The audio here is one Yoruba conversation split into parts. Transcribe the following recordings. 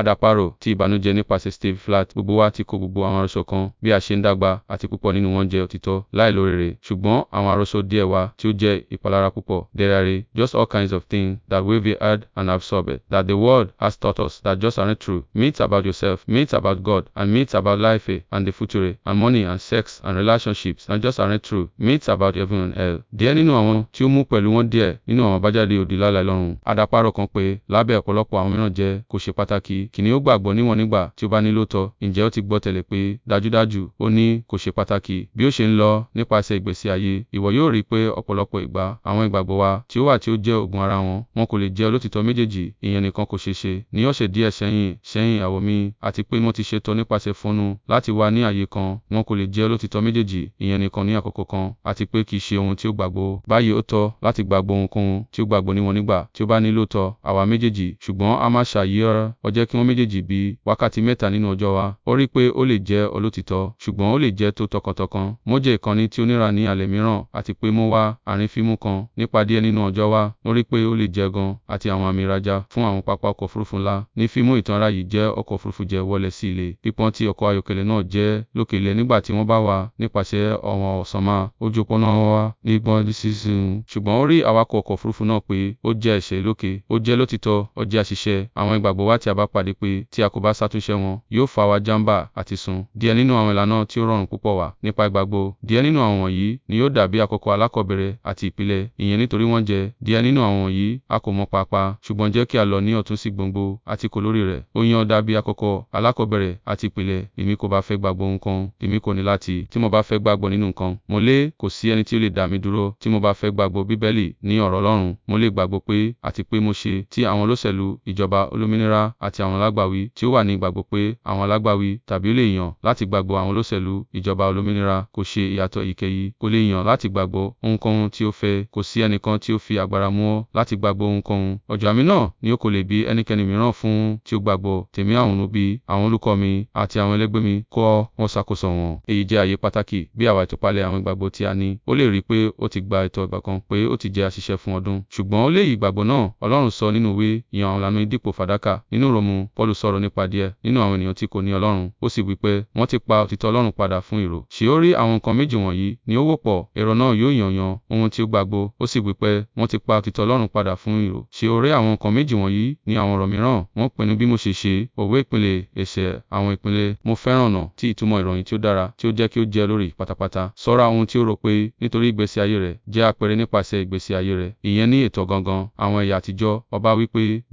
Àdàparò ti ìbànújẹ́ nípasẹ̀ Steve Flat. Gbogbo wa ti kó gbogbo àwọn àròsọ kan bí a ṣe ń dàgbà àti púpọ̀ nínú wọn jẹ́ òtítọ́ láìlórére. Ṣùgbọ́n àwọn àròsọ díẹ̀ wà tí ó jẹ́ ìpalára púpọ̀. There just all kinds of things that we've heard and absorbed that the world has taught us that just aren't true. Myths about yourself, myths about God, and myths about life and the future, and money and sex and relationships and just aren't true. Myths about heaven and hell. Díẹ̀ nínú àwọn tí ó mú pẹ̀lú wọn díẹ̀ nínú àwọn àbájáde òdì lálẹ́ lọ́run. Àdàparò kan pé lábẹ́ ọ̀pọ̀lọpọ̀ àwọn mìíràn jẹ́ kò ṣe pàtàkì kìnìún ó gbàgbọ́ níwọ̀n nígbà tí ó bá ní lóòótọ́, ǹjẹ́ ó ti gbọ́ tẹ́lẹ̀ pé, dájúdájú, ó ní, kò ṣe pàtàkì. Bí ó ṣe ń lọ nípasẹ̀ ìgbésí ayé, ìwọ yóò rí i pé ọ̀pọ̀lọpọ̀ ìgbà, àwọn ìgbàgbọ́ wa tí ó wà tí ó jẹ́ òògùn ara wọn, wọn kò lè jẹ́ olóòtítọ́ méjèèjì, ìyẹn nìkan kò ṣeé ṣe. Ní ọ̀sẹ̀ díẹ̀ sẹ́yìn, sẹ́yìn àwò mi àti pé mo ti ṣetọ nípasẹ̀ fóònù láti wà ní ààyè kan, wọn kò lè jẹ́ olóòtítọ́ méjèèjì, ìyẹn nìkan ní àkókò kan, àti pé kì í ṣe ohun tí ó gbàgbọ́. Báyìí ó tọ́ láti gbàgbọ́ ohunkóhun tí ó gbàgbọ́ níwọ̀n nígbà tí ó bá ní lóòótọ́, àwa méjèèjì, ṣùgbọ́n a máa ṣàyè ọ̀rọ̀, jẹ́ kí kí wọ́n méjèèjì bí wákàtí mẹ́ta nínú ọjọ́ wa. Ó rí pé ó lè jẹ́ olótìtọ́, ṣùgbọ́n ó lè jẹ́ tó tọkàntọkàn. Mo jẹ́ ìkànnì tí ó níra ní alẹ́ mìíràn àti pé mo wá àárín kan nípa díẹ̀ nínú ọjọ́ wa. Mo rí pé ó lè jẹ́ gan àti àwọn àmì ìrajà fún àwọn pápá ọkọ̀ òfurufú ńlá. Ní fíìmù ìtàn ara yìí jẹ́ ọkọ̀ òfurufú jẹ́ wọlé sí ilé. Pípọ́n tí ọkọ̀ ayọ́kẹ́lẹ́ náà jẹ́ lókè ilẹ̀ nígbà tí wọ́n bá wà nípasẹ̀ ọ̀wọ̀n ọ̀sánmà ojú wa ní gbọ́n sísun. Ṣùgbọ́n ó rí awakọ̀ ọkọ̀ òfurufú náà pé ó jẹ́ ẹ̀ṣẹ̀ lókè, ó jẹ́ lótìtọ́, ó jẹ́ àṣìṣe. Àwọn ìgbàgbọ́ wa tí a pàdé pé tí a kò bá ṣàtúnṣe wọn, yóò fa wa jáǹbá àti sun. Díẹ̀ nínú àwọn ìlànà tí ó rọrùn púpọ̀ wà nípa ìgbàgbọ́. Díẹ̀ nínú àwọn wọ̀nyí ni yóò dàbí àkókò alákọ̀bẹ̀rẹ̀ àti ìpìlẹ̀, ìyẹn nítorí wọ́n jẹ́. Díẹ̀ nínú àwọn wọ̀nyí a kò mọ̀ pàápàá, ṣùgbọ́n jẹ́ kí a lọ ní ọ̀tún sí gbòǹgbò àti kò lórí rẹ̀. Ó yan dàbí àkókò alákọ̀bẹ̀rẹ̀ àti ìpìlẹ̀. Èmi kò bá fẹ́ gbàgbọ́ nǹkan, èmi kò ní láti. Tí mo bá fẹ́ gbàgbọ́ nínú nǹkan, mo lè, kò sí ẹni tí ó lè dá mi dúró. Tí mo bá fẹ́ gbàgbọ́ Bíbélì ní ọ̀rọ̀ Ọlọ́run, mo lè gbàgbọ́ pé àti pé mo ṣe, ti àwọn olóṣèlú, ìjọba olómìnira àti àwọn àwọn alágbàwí tí ó wà ní ìgbàgbọ́ pé àwọn alágbàwí tàbí ó lè yàn láti gbàgbọ́ àwọn olóṣèlú ìjọba olómìnira kò ṣe ìyàtọ̀ èyíkéyìí, o lè yàn láti gbàgbọ́ ohunkóhun tí o fẹ́, kò sí ẹnìkan tí ó fi agbára mú ọ láti gbàgbọ́ ohunkóhun. Ọ̀jọ̀ àmì náà ni o kò lè bí ẹnikẹ́ni mìíràn fún tí o gbàgbọ́. Tèmi àwọn òbí, àwọn olùkọ́ mi àti àwọn ẹlẹgbẹ́ mi kọ́ wọn ṣàkóso wọn. Èyí jẹ́ àyè pàtàkì bí àwa ìtúpalẹ̀ àwọn ìgbàgbọ́ tí a ní. Ó lè rí pé ó ti gba ẹ̀tọ́ ìgbà kan pé ó ti jẹ́ àṣìṣe fún ọdún, ṣùgbọ́n ó lè yí ìgbàgbọ́ náà. Ọlọ́run sọ nínú ìwé, yan àwọn ìlànà mi fàdákà. Nínú Rómù Ọlọ́run. Paulu sọ̀rọ̀ nípa díẹ̀ nínú àwọn ènìyàn tí kò ní Ọlọ́run, ó sì wí pé ti pa òtítọ́ Ọlọ́run padà fún irọ́. Ṣìórí àwọn nǹkan méjì wọ̀nyí ni ó wọ́pọ̀, èrò náà yóò yan ohun tí ó gbàgbọ́, ó sì wí pé ti pa òtítọ́ Ọlọ́run padà fún irọ́. Ṣìórí àwọn nǹkan méjì wọ̀nyí ni àwọn ọ̀rọ̀ mìíràn, wọ́n pinnu bí mo ṣe ṣe, òwe ìpìlẹ̀, ẹsẹ̀, àwọn ìpìlẹ̀, mo fẹ́ràn ọ̀nà tí ìtumọ̀ ìròyìn tí ó dára tí ó jẹ́ kí ó jẹ́ lórí pátápátá. Ṣọ́ra ohun tí ó rò pé nítorí ìgbésí ayé rẹ̀ jẹ́ àpẹẹrẹ nípasẹ̀ ìgbésí ayé rẹ̀. Ìyẹn ní ètò gangan. Àwọn ẹ̀yà àtijọ́, ọba wí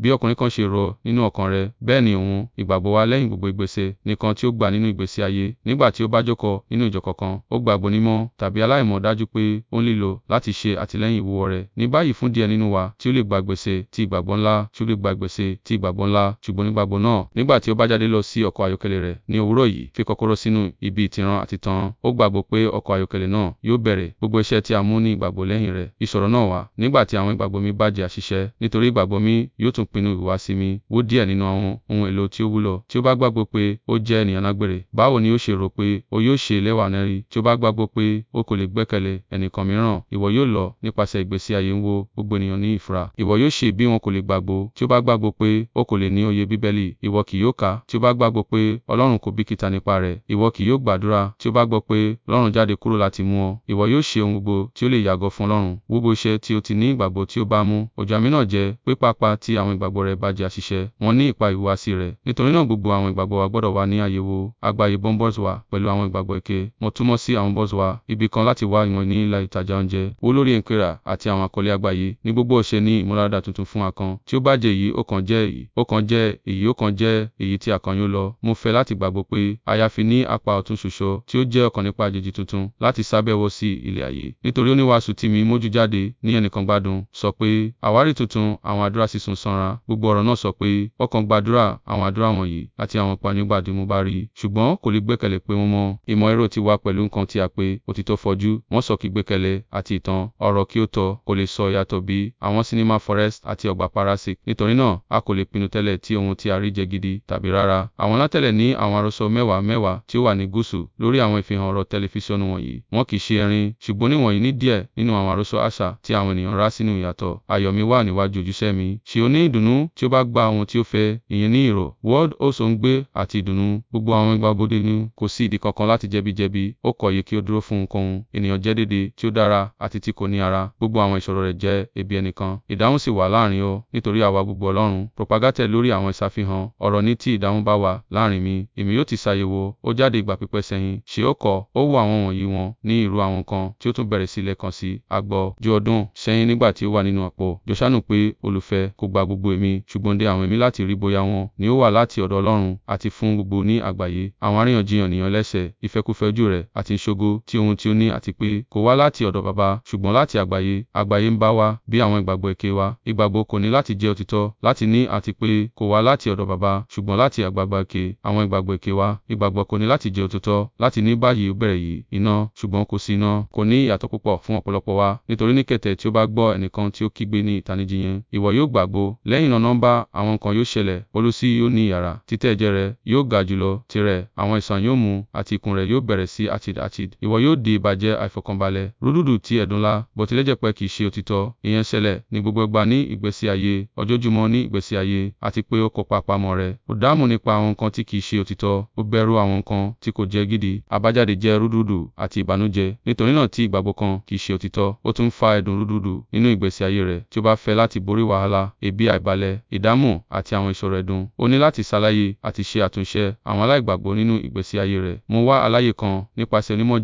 bí ọkùnrin kan ṣe rò nínú ọkàn rẹ̀, rẹ̀. Bẹ́ẹ̀ ni òun, ìgbàgbọ́ wa lẹ́yìn gbogbo ìgbésẹ̀ nìkan tí ó gbà nínú ìgbésí ayé. Nígbà tí ó bá jókòó nínú ìjọ kankan, ó gbàgbọ́ onímọ̀ tàbí aláìmọ̀ dájú pé ó ń lílò láti ṣe àtìlẹ́yìn ìwúwo rẹ̀. Ní báyìí fún díẹ̀ nínú wa tí ó lè gba ìgbésẹ̀ ti ìgbàgbọ́ ńlá, tí ó lè gba ìgbésẹ̀ ti ìgbàgbọ́ ńlá, ṣùgbọ́n onígbàgbọ́ náà, nígbà tí ó bá jáde lọ sí ọkọ̀ ayọ́kẹ́lẹ́ rẹ̀ ní òwúrọ̀ yìí, fi kọ́kọ́rọ́ sínú ibi ìtìran àti tan. Ó gbàgbọ́ pé ọkọ̀ ayọ́kẹ́lẹ́ náà yóò bẹ̀rẹ̀ gbogbo iṣẹ́ tí a mú ní ìgbàgbọ́ lẹ́yìn rẹ̀. Ìṣòro náà wà nígbà tí àwọn ìgbàgbọ́ mi bá jẹ́ àṣìṣe, nítorí ìgbàgbọ́ mi yóò tún pinnu ìhùwàsí mi. Wo díẹ̀ nínú àwọn àwọn ohun èlò tí ó wúlò. Tí ó bá gbàgbọ́ pé ó jẹ́ ènìyàn alágbèrè, báwo ni ó ṣe rò pé ó yóò ṣe ẹlẹ́wà náà rí? Tí ó bá gbàgbọ́ pé ó kò lè gbẹ́kẹ̀lé ẹnìkan mìíràn, ìwọ yóò lọ nípasẹ̀ ìgbésí ayé ń wo gbogbo ènìyàn ní ìfura. Ìwọ yóò ṣe bí wọn kò lè gbàgbọ́. Tí ó bá gbàgbọ́ pé ó kò lè ní òye Bíbélì, ìwọ kì yóò kà á. Tí ó bá gbàgbọ́ pé Ọlọ́run kò bìkítà nípa rẹ̀, ìwọ kì yóò gbàdúrà. Tí ó bá gbọ́ pé Ọlọ́run jáde kúrò láti mú ọ, ìwọ yóò ṣe ohun gbogbo tí ó lè yàgò fún Ọlọ́run. Gbogbo iṣẹ́ tí ó ti ní ìgbàgbọ́ tí ó bámu, òjò àmì náà jẹ́ pé pàápàá tí àwọn ìgbàgbọ́ rẹ̀ bá jẹ́ àṣìṣe, wọ́n ní ìpayà ìhùwàsí rẹ̀. Nítorí náà gbogbo àwọn ìgbàgbọ́ wa gbọ́dọ̀ wà ní àyẹ̀wò àgbáyé Bombers wa pẹ̀lú àwọn ìgbàgbọ́ èké. Mo túmọ̀ sí àwọn Bombers wa ibi kan láti wá ìwọ̀n ní ilà ìtajà oúnjẹ, owó lórí ẹ̀ńkírà àti àwọn àkọlé àgbáyé. Ní gbogbo ọ̀sẹ̀ ní ìmúláradà tuntun fún àkan. Tí ó bá jẹ́ èyí, ó kàn jẹ́ èyí, ó kàn jẹ́ èyí, ó kàn jẹ́ èyí tí àkan yóò lọ. Mo fẹ́ láti gbàgbọ́ pé àyàfi ní apá ọ̀tún ṣoṣo tí ó jẹ́ ọ̀kan nípa àjèjì tuntun láti sábẹ́wọ sí ilẹ̀ ayé. Nítorí oníwàásù tí mi mójú jáde ní ẹnìkan gbádùn, sọ pé, àwárí tuntun, àwọn àdúrà sísun sanra. Gbogbo ọ̀rọ̀ náà sọ pé, ọkàn gbádùn àdúrà, àwọn àdúrà wọ̀nyí àti àwọn ìpanigbà tí mo bá rí, ṣùgbọ́n kò lè gbẹ́kẹ̀lé pé wọ́n mọ́. Ìmọ̀ ẹ̀rọ ti wá pẹ̀lú nǹkan tí a pè òtítọ́ fọ́jú, wọ́n sọ kí gbẹ́kẹ̀lé àti ìtàn ọ̀rọ̀ kí ó tọ́ kò lè sọ ìyàtọ̀ bí àwọn sinimá Forest àti ọgbà Parasic. Nítorí náà, a kò lè pinnu tẹ́lẹ̀ tí ohun tí a rí jẹ́ gidi tàbí rárá. Àwọn alátẹ̀lẹ̀ ní àwọn àròsọ mẹ́wàá mẹ́wàá tí ó wà ní gúúsù lórí àwọn ìfihàn ọ̀rọ̀ tẹlifíṣọ̀nù wọ̀nyí. Wọn kì í ṣe ẹ̀rín, ṣùgbọ́n níwọ̀nyí ní díẹ̀ nínú àwọn àròsọ àṣà tí àwọn ènìyàn rá sínú ìyàtọ̀. Ayọ̀ mi wà níwájú ojúṣe mi. Ṣé o ní ìdùnnú tí ó bá gba ohun tí ó fẹ́? ìyìn ní ìró. World ó so ń gbé àti ìdùnnú. Gbogbo àwọn ìgbà bodè ni kò sí ìdí kankan láti jẹ̀bíjẹ̀bi. Ó kọ̀ yẹ kí ó dúró fún ohunkóhun. Ènìyàn jẹ́ déédéé tí ó dára àti tí kò ní ara. Gbogbo àwọn ìṣòro rẹ̀ jẹ́ ebi ẹnìkan. Ìdáhùn sì wà láàrín ọ nítorí àwa gbogbo Ọlọ́run. Propagated lórí àwọn ìṣàfihàn ọ̀rọ̀ ní tí ìdáhùn bá wà láàrín mi. Èmi yóò ti ṣàyẹ̀wò. Ó jáde ìgbà pípẹ́ sẹ́yìn. Ṣé ó kọ̀? Ó wo àwọn wọ̀nyí wọn ní irú àwọn nǹkan tí ó tún bẹ̀rẹ̀ sí lẹ́ẹ̀kan sí. A gbọ́ ju ọdún sẹ́yìn nígbà tí ó wà nínú àpò. Joṣánù pé olùfẹ́ kò gba gbogbo èmi ṣùgbọ́n dé àwọn èmi láti rí bóyá ìjìyà wọn ni ó wá láti ọ̀dọ̀ Ọlọ́run àti fún gbogbo ní àgbáyé. Àwọn àríyànjiyàn ènìyàn lẹ́sẹ̀, ìfẹ́kúfẹ̀ẹ́ ojú rẹ̀ àti ìṣògo tí ohun tí ó ní àti pé kò wá láti ọ̀dọ̀ Baba, ṣùgbọ́n láti àgbáyé. Àgbáyé ń bá wa bí àwọn ìgbàgbọ́ èké wa. Ìgbàgbọ́ kò ní láti jẹ́ òtítọ́ láti ní àti pé kò wá láti ọ̀dọ̀ Baba, ṣùgbọ́n láti ìgbàgbọ́ èké. Àwọn ìgbàgbọ́ èké wa. Ìgbàgbọ́ kò ní láti jẹ́ òtítọ́ láti ní báyìí ó bẹ̀rẹ̀ yìí iná, ṣùgbọ́n kò sí iná. Kò ní ìyàtọ̀ púpọ̀ fún ọ̀pọ̀lọpọ̀ wa, nítorí ní kété tí ó bá gbọ́ ẹnìkan tí ó kígbe ní ìtanijí yẹn, ìwọ yóò gbàgbọ́. Lẹ́yìn náà nọ́mbà àwọn nǹkan yóò ṣẹlẹ̀ Olú sí yóò ní ìyára, títẹ́ ẹ̀jẹ̀ rẹ̀ yóò ga jùlọ tirẹ̀, àwọn ìsàn yóò mú, àti ikùn rẹ̀ yóò bẹ̀rẹ̀ sí hatid hatid. Ìwọ yóò di ìbàjẹ́ àìfọ̀kànbalẹ̀, rúdurùdu ti ẹ̀dùn ńlá, bòtílẹ́jẹ̀pẹ́ kì í ṣe òtítọ́. Ìyẹn ṣẹlẹ̀ ní gbogbo ìgbà ní ìgbésí ayé, ojoojúmọ́ ní ìgbésí ayé, àti pé ó kópa àpamọ́ rẹ̀. Ó dààmú nípa àwọn nǹkan tí kì í ṣe òtítọ́, ó bẹ̀rù àwọn nǹkan tí kò jẹ́ gidi. Àbájáde jẹ́ rúdurùdu àti ìbànújẹ́. Nítorí náà tí ìgbàgbọ́ kan kì í ṣe òtítọ́, ó tún fa ẹ̀dùn rúdurùdu nínú ìgbésí ayé rẹ̀. Tí ó bá fẹ́ láti borí wàhálà, ebi àìbalẹ̀, ìdààmú àti àwọn ìṣòro rẹ dùn. O ní láti ṣàlàyé àti ṣe àtúnṣe àwọn aláìgbàgbọ́ nínú ìgbésí ayé rẹ. Mo wá àlàyé kan nípasẹ̀ onímọ̀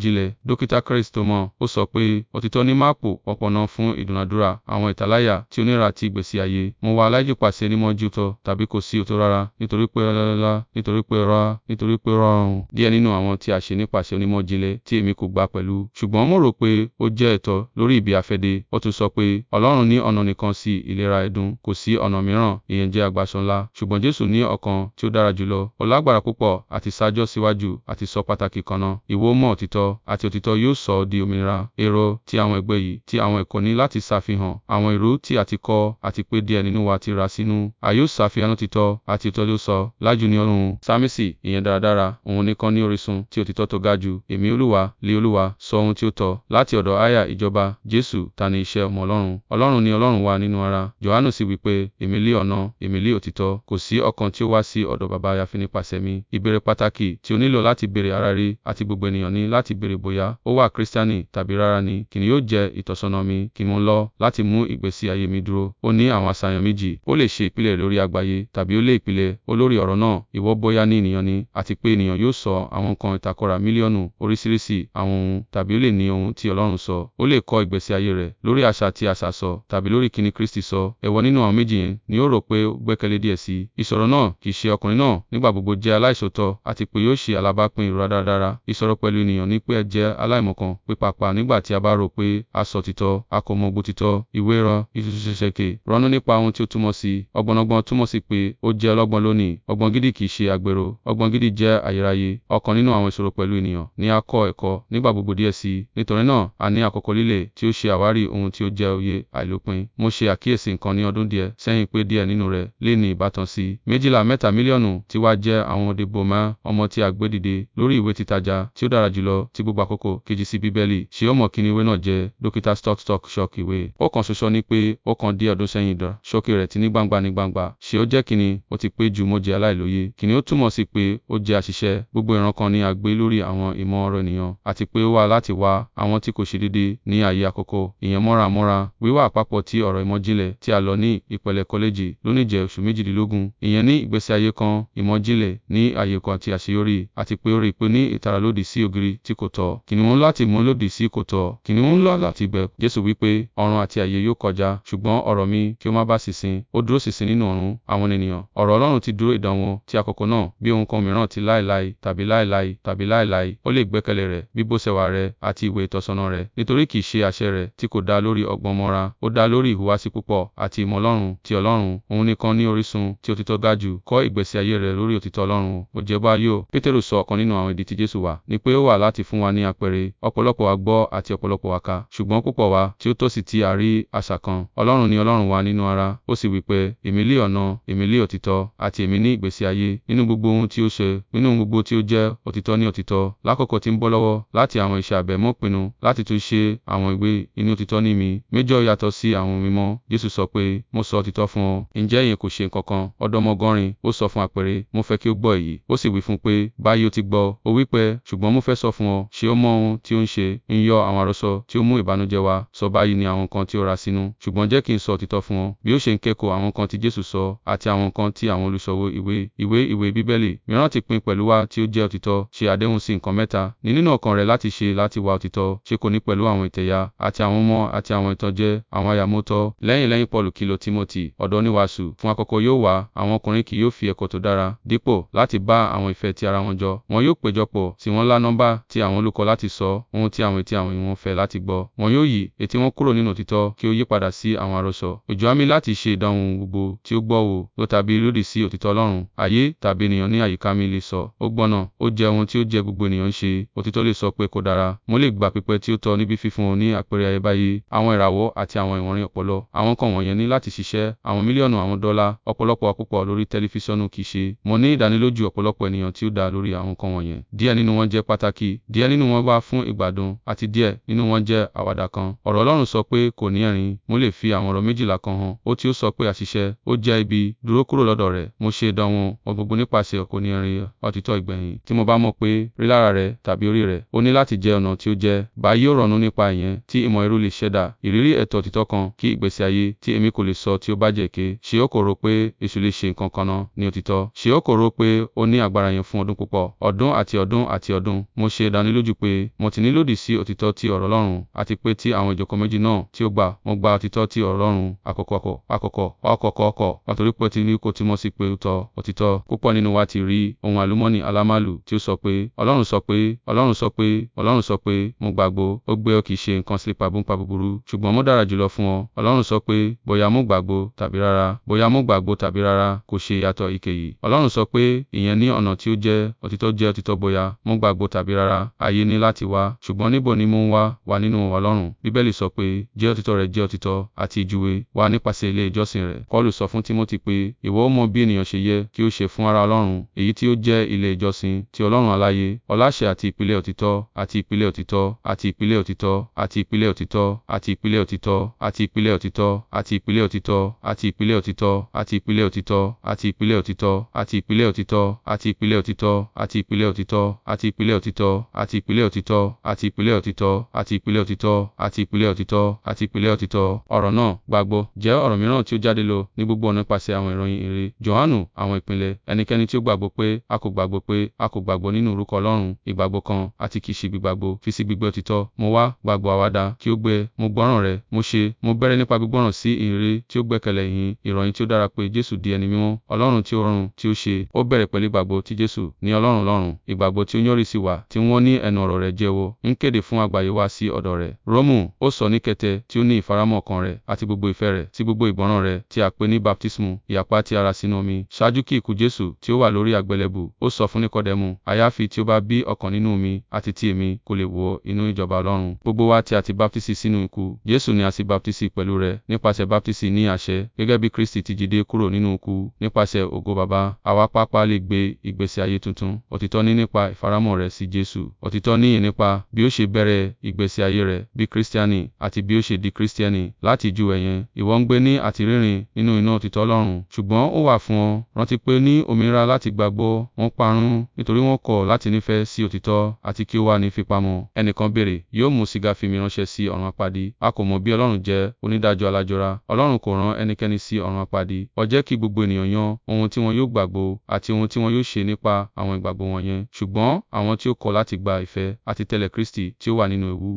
Dókítà Chris Thomas. Ó sọ pé òtítọ́ ní máàpù ọpọnà fún ìdúnadúrà àwọn ìtàláyà tí ó nira ti ìgbésí ayé. Mo wá àlàyé pàṣẹ onímọ̀ jùtọ̀ tàbí kò sí òtó rárá nítorí pé lọ́lọ́lá nítorí pé rárá nítorí pé rọrùn. Díẹ̀ nínú àwọn tí a ṣe nípasẹ̀ onímọ̀ jinlẹ̀ tí èmi kò gbà pẹ̀lú. Ṣùgbọ́n mo rò pé ó jẹ́ ẹ̀tọ́ lórí ibi àfẹ́dé. Ó tún sọ pé Ọlọ́run ní ọ̀nà nìkan sí ìlera ẹ̀dùn, kò sí ọ̀nà mìíràn. Ìyẹn jẹ́ àgbàsọ ńlá. Ṣùgbọ́n ṣùgbọ́n Jesu ní ọkàn tí ó dára jùlọ, ó lágbára púpọ̀ àti sáájọ́ síwájú àti sọ pàtàkì kannáà. Ìwọ mọ òtítọ́, àti òtítọ́ yóò sọ ọ́ di òmìnira. Èrò ti àwọn ègbé yìí tí àwọn ìkọ́ni láti ṣàfihàn àwọn ìró tí a ti kọ́ àti pé díẹ̀ nínú wa ti rà sínú. A yóò ṣàfihàn òtítọ́ àti òtítọ́ yóò sọ lájú ní ọ̀run. Sámísì, ìyẹn dáradára, òun nìkan ní orísun ti òtítọ́ tó ga jù. Èmi Olúwa, lé Olúwa, sọ ohun tí ó tọ́ láti ọ̀dọ̀ àyà ìjọba. Jesu, ta ni iṣẹ́ ọmọ Ọlọ́run? Ọlọ́run ni Ọlọ́run wa nínú ara. Johanu sì wí pé, èmi lé ọ̀nà, èmi lé òtítọ́. Kò kò sí ọkàn tí ó wá sí ọ̀dọ̀ bàbá àyàfi nípasẹ̀ mi. Ìbéèrè pàtàkì tí o nílò láti béèrè ara rẹ àti gbogbo ènìyàn ní láti béèrè bóyá ó wà kírísítánì tàbí rárá ni kí ni yóò jẹ́ ìtọ́sọ́nà mi kí mo lọ láti mú ìgbésí ayé mi dúró. Ó ní àwọn àṣàyàn méjì, ó lè ṣe ìpìlẹ̀ lórí àgbáyé tàbí ó lè ìpìlẹ̀ olórí ọ̀rọ̀ náà. Ìwọ bóyá ní ènìyàn ni àti pé ènìyàn yóò sọ àwọn nǹkan ìtakora mílíọ̀nù oríṣiríṣi àwọn ohun tàbí ó lè ní ohun tí Ọlọ́run sọ. Ó lè kọ́ ìgbésí ayé rẹ̀ lórí àṣà tí àṣà sọ tàbí lórí kíni Kristi sọ. Èwo nínú àwọn méjì yẹn ni ó rò pé ó gbẹ́kẹ̀lé díẹ̀ sí? ìṣòro náà kì í ṣe ọkùnrin náà nígbà gbogbo jẹ́ aláìṣòótọ́ àti pé yóò ṣe alábápín ìrora dáradára. Ìṣòro pẹ̀lú ènìyàn ni pé ẹ jẹ́ aláìmọ̀kan pé pàápàá nígbà tí a bá rò pé a sọ òtítọ́, a kò mọ òtítọ́. Ìwé ran ìtúsíṣẹ̀ṣẹ̀kè ronú nípa ohun tí ó túmọ̀ sí. Ọ̀gbọ̀nọ̀gbọ́n túmọ̀ sí pé ó jẹ́ ọlọ́gbọ́n lónìí. Ọgbọ́n gidi kì í ṣe àgbèrò. Ọgbọ́n gidi jẹ́ ayérayé. Ọ̀kan nínú àwọn ìṣòro pẹ̀lú ènìyàn ni a kọ́ ẹ̀kọ́ nígbà gbogbo díẹ̀ sí i. Nítorí náà, a ní àkókò líle tí ó ṣe àwárí ohun tí ó jẹ́ òye àìlópin. Mo ṣe àkíyèsí nǹkan ní ọdún díẹ̀ sẹ́yìn pé díẹ̀ nínú rẹ̀ lè ní ìbátan sí méjìlá mẹ́ta mílíọ̀nù tí wá jẹ́ àwọn òdìbòmá ọmọ tí a gbé dìde lórí ìwé títajà tí ó dára jùlọ ti gbogbo àkókò kejì sí Bíbélì. Ṣé o mọ̀ kí ni ìwé náà jẹ́? Dókítà Stock Stock Shock ìwé. Ó kan ṣoṣo ni pé ó kan díẹ̀ ọdún sẹ́yìn dọ̀. Ṣókè rẹ̀ ti ní gbangba ní gbangba. Ṣé ó jẹ́ kíni? Ó ti pé ju mo jẹ́ aláìlóye. Kíni ó túmọ̀ sí pé ó jẹ́ àṣìṣe. Gbogbo ìran kan ni a gbé lórí àwọn ìmọ̀ ọ̀rọ̀ ènìyàn àti pé ó wà láti wá àwọn tí kò ṣe déédéé ní ààyè àkókò. Ìyẹn mọ́ra mọ́ra. Wíwá àpapọ̀ ti ọ̀rọ̀ ìmọ̀jìnlẹ̀ tí a lọ ní ìpele kọ́lẹ́jì lónìí jẹ́ oṣù méjìdínlógún. Ọlọ́run, ìyẹn ní ìgbésí ayé kan, ìmọ̀jìnlẹ̀ ní ààyè kan àti àṣeyọrí, àti pé ó rí i pé ní ìtara lòdì sí ògiri tí kò tọ́. Kìnnìún ńlá ti mú lòdì sí kòtò. Kìnnìún ńlá láti ibẹ̀. Jesu wí pé, ọ̀run àti ayé yóò kọjá, ṣùgbọ́n ọ̀rọ̀ mi kí ó má bá sísin. Ó dúró ṣinṣin nínú ọ̀run. Àwọn ènìyàn, ọ̀rọ̀ Ọlọ́run ti dúró ìdánwò ti àkókò náà, bí ohun kan mìíràn ti láéláé, tàbí láéláé, tàbí láéláé. Ó lè gbẹ́kẹ̀lé rẹ̀, bíbó sẹ́wà rẹ̀, àti ìwé ìtọ́sọ́nà rẹ̀, nítorí kì í ṣe àṣẹ rẹ̀ tí kò dá lórí ọgbọ́n mọ́ra, ó dá lórí ìhùwàsí púpọ̀ àti ìmọ̀ Ọlọ́run ti Ọlọ́run. Òun nìkan ni orísun tí ó òtítọ́ ga jù, kọ́ ìgbésí ayé rẹ lórí òtítọ́ Ọlọ́run. Ó jẹ́ báyò. Pétérù sọ ọ̀kan nínú àwọn ìdí tí Jésù wà, ni pé ó wà láti fún wa ní àpẹẹrẹ. Ọ̀pọ̀lọpọ̀ wa gbọ́ àti ọ̀pọ̀lọpọ̀ wa kà, ṣùgbọ́n púpọ̀ wa tí ó tòsí ti àrí àṣà kan. Ọlọ́run ni Ọlọ́run wa nínú ara. Ó sì wí pé, èmi lé ọ̀nà, èmi lé òtítọ́, àti èmi ní ìgbésí ayé. Nínú gbogbo ohun tí ó ṣe, nínú ohun gbogbo tí ó jẹ́, òtítọ́ ní òtítọ́. Lákòókò tí ń bọ́ lọ́wọ́, láti àwọn iṣẹ́ abẹ mọ́ pinnu, láti tún ṣe àwọn ìwé inú òtítọ́ ní mi. Méjọ̀ yàtọ̀ sí àwọn mímọ́. Jésù sọ pé, mo sọ òtítọ́ fún ọ. Ǹjẹ́ ìyẹn kò ṣe nǹkan kan? ọ̀dọ́mọgọ́rin, ó sọ fún apẹ̀rẹ̀, mo fẹ́ kí ó gbọ́ èyí. Ó sì wí fún un pé, báyìí ó ti gbọ́, ó wí pé, ṣùgbọ́n mo fẹ́ sọ fún ọ, ṣé ó mọ ohun tí ó ń ṣe, ń yọ àwọn àròsọ tí ó mú ìbànújẹ́ wá, sọ báyìí ni àwọn nǹkan tí ó ra sínú, ṣùgbọ́n jẹ́ kí n sọ òtítọ́ fún ọ, bí ó ṣe ń kẹ́kọ̀ọ́ àwọn nǹkan tí Jésù sọ àti àwọn nǹkan tí àwọn olùṣọ́wọ́ ìwé, ìwé ìwé Bíbélì mìíràn ti pín pẹ̀lú wa tí ó jẹ́ òtítọ́, ṣe àdéhùn sí nǹkan mẹ́ta ní nínú ọkàn rẹ̀ láti ṣe láti wá òtítọ́, ṣe kò ní pẹ̀lú àwọn ìtẹ̀yà àti àwọn ọmọ àti àwọn ìtànjẹ, àwọn àyàmótọ́. Lẹ́yìn lẹ́yìn Paul kìlọ̀ Timothy, ọ̀dọ́ oníwàásù, fún àkókò yóò wá àwọn ọkùnrin kì yóò fi ẹ̀kọ́ tó dára, dípò láti bá àwọn ìfẹ́ ti ara wọn jọ, wọn yóò péjọpọ̀ tí wọ́n lá nọ́mbà ti àwọn olùkọ́ láti sọ ohun tí àwọn etí àwọn ìwọ̀n fẹ́ láti gbọ́. Wọn yóò yí etí wọn kúrò nínú òtítọ́ kí ó yípadà sí àwọn àròsọ. Òjò àmì láti ṣe ìdáhùn gbogbo tí ó gbọ́ wò ló tàbí lòdì sí òtítọ́ Ọlọ́run. Ayé tàbí ènìyàn ní àyíká mi lè sọ, ó gbọ́nà, ó jẹ́ ohun tí ó jẹ́ gbogbo ènìyàn ṣe. Òtítọ́ lè sọ pé kò dára. Mo lè gba pípẹ́ tí ó tọ́ níbi fífún ọ ní àpẹẹrẹ ayébáyé, àwọn ìràwọ̀ àti àwọn ìwọ̀nrin ọpọlọ. Àwọn nǹkan wọ̀nyẹn ní láti ṣiṣẹ́. Àwọn mílíọ̀nù àwọn dọ́là, ọ̀pọ̀lọpọ̀ púpọ̀ lórí tẹlifíṣọ̀nù kì í ṣe. Mo ní ìdánilójú ọ̀pọ̀lọpọ̀ ènìyàn tí ó dá lórí àwọn nǹkan wọ̀nyẹn. Díẹ̀ nínú wọn jẹ́ pàtàkì, díẹ̀ nínú wọn wà fún ìgbádùn, àti díẹ̀ nínú wọn jẹ́ àwàdà kan. Ọ̀rọ̀ Ọlọ́run sọ pé kò ní ẹ̀rín. Mo lè fi àwọn ọ̀rọ̀ méjìlá kan hàn. Ó tí ó sọ pé àṣìṣe, ó jẹ́ ibi, dúró kúrò lọ́dọ̀ rẹ̀. Mo ṣe ìdánwò ohun gbogbo nípasẹ̀ kò ní ẹ̀rín òtítọ́ ìgbẹ̀yìn. Tí mo bá mọ̀ pé rí lára rẹ̀ tàbí orí rẹ̀, ó ní láti jẹ́ ọ̀nà tí ó jẹ́. Báyìí ó ronú nípa ìyẹn tí ìmọ̀ irú lè ṣẹ̀dá. Ìrírí ẹ̀tọ́ òtítọ́ kan kí ìgbésí ayé tí èmi kò lè sọ tí ó bàjẹ́ ké. Ṣé o kò rò pé èṣù lè lè ṣe nǹkan kan náà ní òtítọ́. Ṣé ó kò rò pé ó ní agbára yẹn fún ọdún púpọ̀? Ọdún àti ọdún àti ọdún. Mo ṣe ìdánilójú pé mo ti ní lòdì sí òtítọ́ ti ọ̀rọ̀ Ọlọ́run àti pé ti àwọn ìjókòó méjì náà tí ó gbà, mo gba òtítọ́ ti ọ̀rọ̀ Ọlọ́run àkọ́kọ́ àkọ́kọ́ àkọ́kọ́ àkọ́kọ́ ọkọ̀ nítorí pé ti ní kò túmọ̀ sí pé òtọ́ òtítọ́. Púpọ̀ nínú wa ti rí ohun àlùmọ́nì alámàlù tí ó sọ pé Ọlọ́run sọ pé Ọlọ́run sọ pé Ọlọ́run sọ pé mo gbàgbọ́ ó gbé ọ kìí ṣe nǹkan sí pàbùpà búburú ṣùgbọ́n mo dára jùlọ fún ọ. Ọlọ́run sọ pé bóyá mo gbàgbọ́ tàbí rárá bóyá mo gbàgbọ́ tàbí rárá rárá, kò ṣe ìyàtọ̀ èyíkéyìí. Ọlọ́run sọ pé, ìyẹn ní ọ̀nà tí ó jẹ́ òtítọ́ jẹ́ òtítọ́ bóyá mo gbàgbọ́ tàbí rárá, ayé ní láti wá, ṣùgbọ́n níbo ni mò ń wá, wà nínú Ọlọ́run. Bíbélì sọ pé, jẹ́ òtítọ́ rẹ̀ jẹ́ òtítọ́, àti ìjúwe wà nípasẹ̀ ilé ìjọsìn rẹ̀. Paulu sọ fún Timothy pé, ìwọ ó mọ bí ènìyàn ṣe yẹ kí ó ṣe fún ara Ọlọ́run, èyí tí ó jẹ́ ilé ìjọsìn ti Ọlọ́run aláyé, ọláṣẹ àti ìpìlẹ̀ òtítọ́, àti ìpìlẹ̀ òtítọ́, àti ìpìlẹ̀ òtítọ́, àti ìpìlẹ̀ òtítọ́, àti ìpìlẹ̀ òtítọ́, àti ìpìlẹ̀ òtítọ́, àti ìpìlẹ̀ òtítọ́, àti ìpìlẹ̀ òtítọ́, àti ìpìlẹ̀ òtítọ́, òtítọ́, àti ìpìlẹ̀ òtítọ́, àti ìpìlẹ̀ òtítọ́, àti ìpìlẹ̀ òtítọ́, àti ìpìlẹ̀ òtítọ́, àti ìpìlẹ̀ òtítọ́, àti ìpìlẹ̀ òtítọ́, àti ìpìlẹ̀ òtítọ́, àti ìpìlẹ̀ òtítọ́, àti ìpìlẹ̀ òtítọ́, àti ìpìlẹ̀ òtítọ́. Ọ̀rọ̀ náà, gbàgbọ́, jẹ́ ọ̀rọ̀ mìíràn tí ó jáde lọ ní gbogbo ọ̀nà nípasẹ̀ àwọn ìròyìn ìre. Jòhánù, àwọn ìpìlẹ̀, ẹnikẹ́ni tí ó gbàgbọ́ pé a kò gbàgbọ́ pé a kò gbàgbọ́ nínú orúkọ Ọlọ́run, ìgbàgbọ́ kan àti kì í ṣe gbígbàgbọ́, fi sí gbígbé òtítọ́. Mo wá, gbàgbọ́ àwàdà, kí ó gbẹ, mo gbọ́ràn rẹ̀, mo ṣe, mo bẹ̀rẹ̀ nípa gbígbọ́ràn sí ìhìnrere tí ó gbẹ́kẹ̀lé ìhìn, ìròyìn tí ó dára pé Jésù di ẹni mímọ́, Ọlọ́run tí ó rọrùn tí ó ṣe, ó bẹ̀rẹ̀ pẹ̀lú ìgbàgbọ́ tí Jésù ní Ọlọ́run lọ́run, ìgbàgbọ́ tí ó yọrí sí wa tí wọ́n ní ẹnu ọ̀rọ̀ rẹ̀ jẹ́wọ́, ń kéde fún àgbáyé wá sí ọ̀dọ̀ rẹ̀. Rómù, ó sọ ní kété tí ó ní ìfaramọ́ ọkàn rẹ̀ àti gbogbo ìfẹ́ rẹ̀ sí gbogbo ìgbọràn rẹ̀ tí a pè ní baptismu, ìyapa ti ara sínú omi, ṣáájú kí ikú Jésù tí ó wà lórí àgbélébù, ó sọ fún Nikodemu, àyàfi tí ó bá bí ọkàn nínú omi àti ti èmi kò lè wọ inú ìjọba Ọlọ́run. Gbogbo wa tí a ti baptisi sínú ikú, Jésù ni a sì baptisi pẹ̀lú rẹ̀, nípasẹ̀ baptisi ní àṣẹ, gẹ́gẹ́ bí Kristi ti jí dé kúrò nínú ikú kú nípasẹ̀ ògo Baba, àwa pàápàá lè gbé ìgbésí ayé tuntun. Òtítọ́ ni nípa ìfaramọ́ rẹ sí Jésù. Òtítọ́ nìyí nípa bí ó ṣe bẹ̀rẹ̀ ìgbésí ayé rẹ bí Kristiani àti bí ó ṣe di Kristiani. Láti ìjúwe yẹn, ìwọ ń gbé ní àti rírìn nínú iná òtítọ́ Ọlọ́run, ṣùgbọ́n ó wà fún ọ. Rántí pé ní òmìnira láti gbàgbọ́, wọ́n parun nítorí wọ́n kọ̀ láti nífẹ̀ẹ́ sí òtítọ́ àti kí ó wà ní fipamọ́. Ẹnìkan béèrè, yóò mú sìgá fi mi ránṣẹ́ sí ọ̀run àpáàdì. A kò mọ̀ bí Ọlọ́run jẹ́ onídàájọ́ alájọra. Ọlọ́run kò rán ẹnikẹ́ni sí ọ̀run àpáàdì. Ó jẹ́ kí gbogbo ènìyàn yan ohun tí wọn yóò gbàgbọ́ àti ohun tí wọn yóò ṣe nípa àwọn ìgbàgbọ́ wọ̀nyẹn. Ṣùgbọ́n àwọn tí ó kọ̀ láti gba ìfẹ́ àti tẹ̀lé Kristi tí ó wà nínú ewu.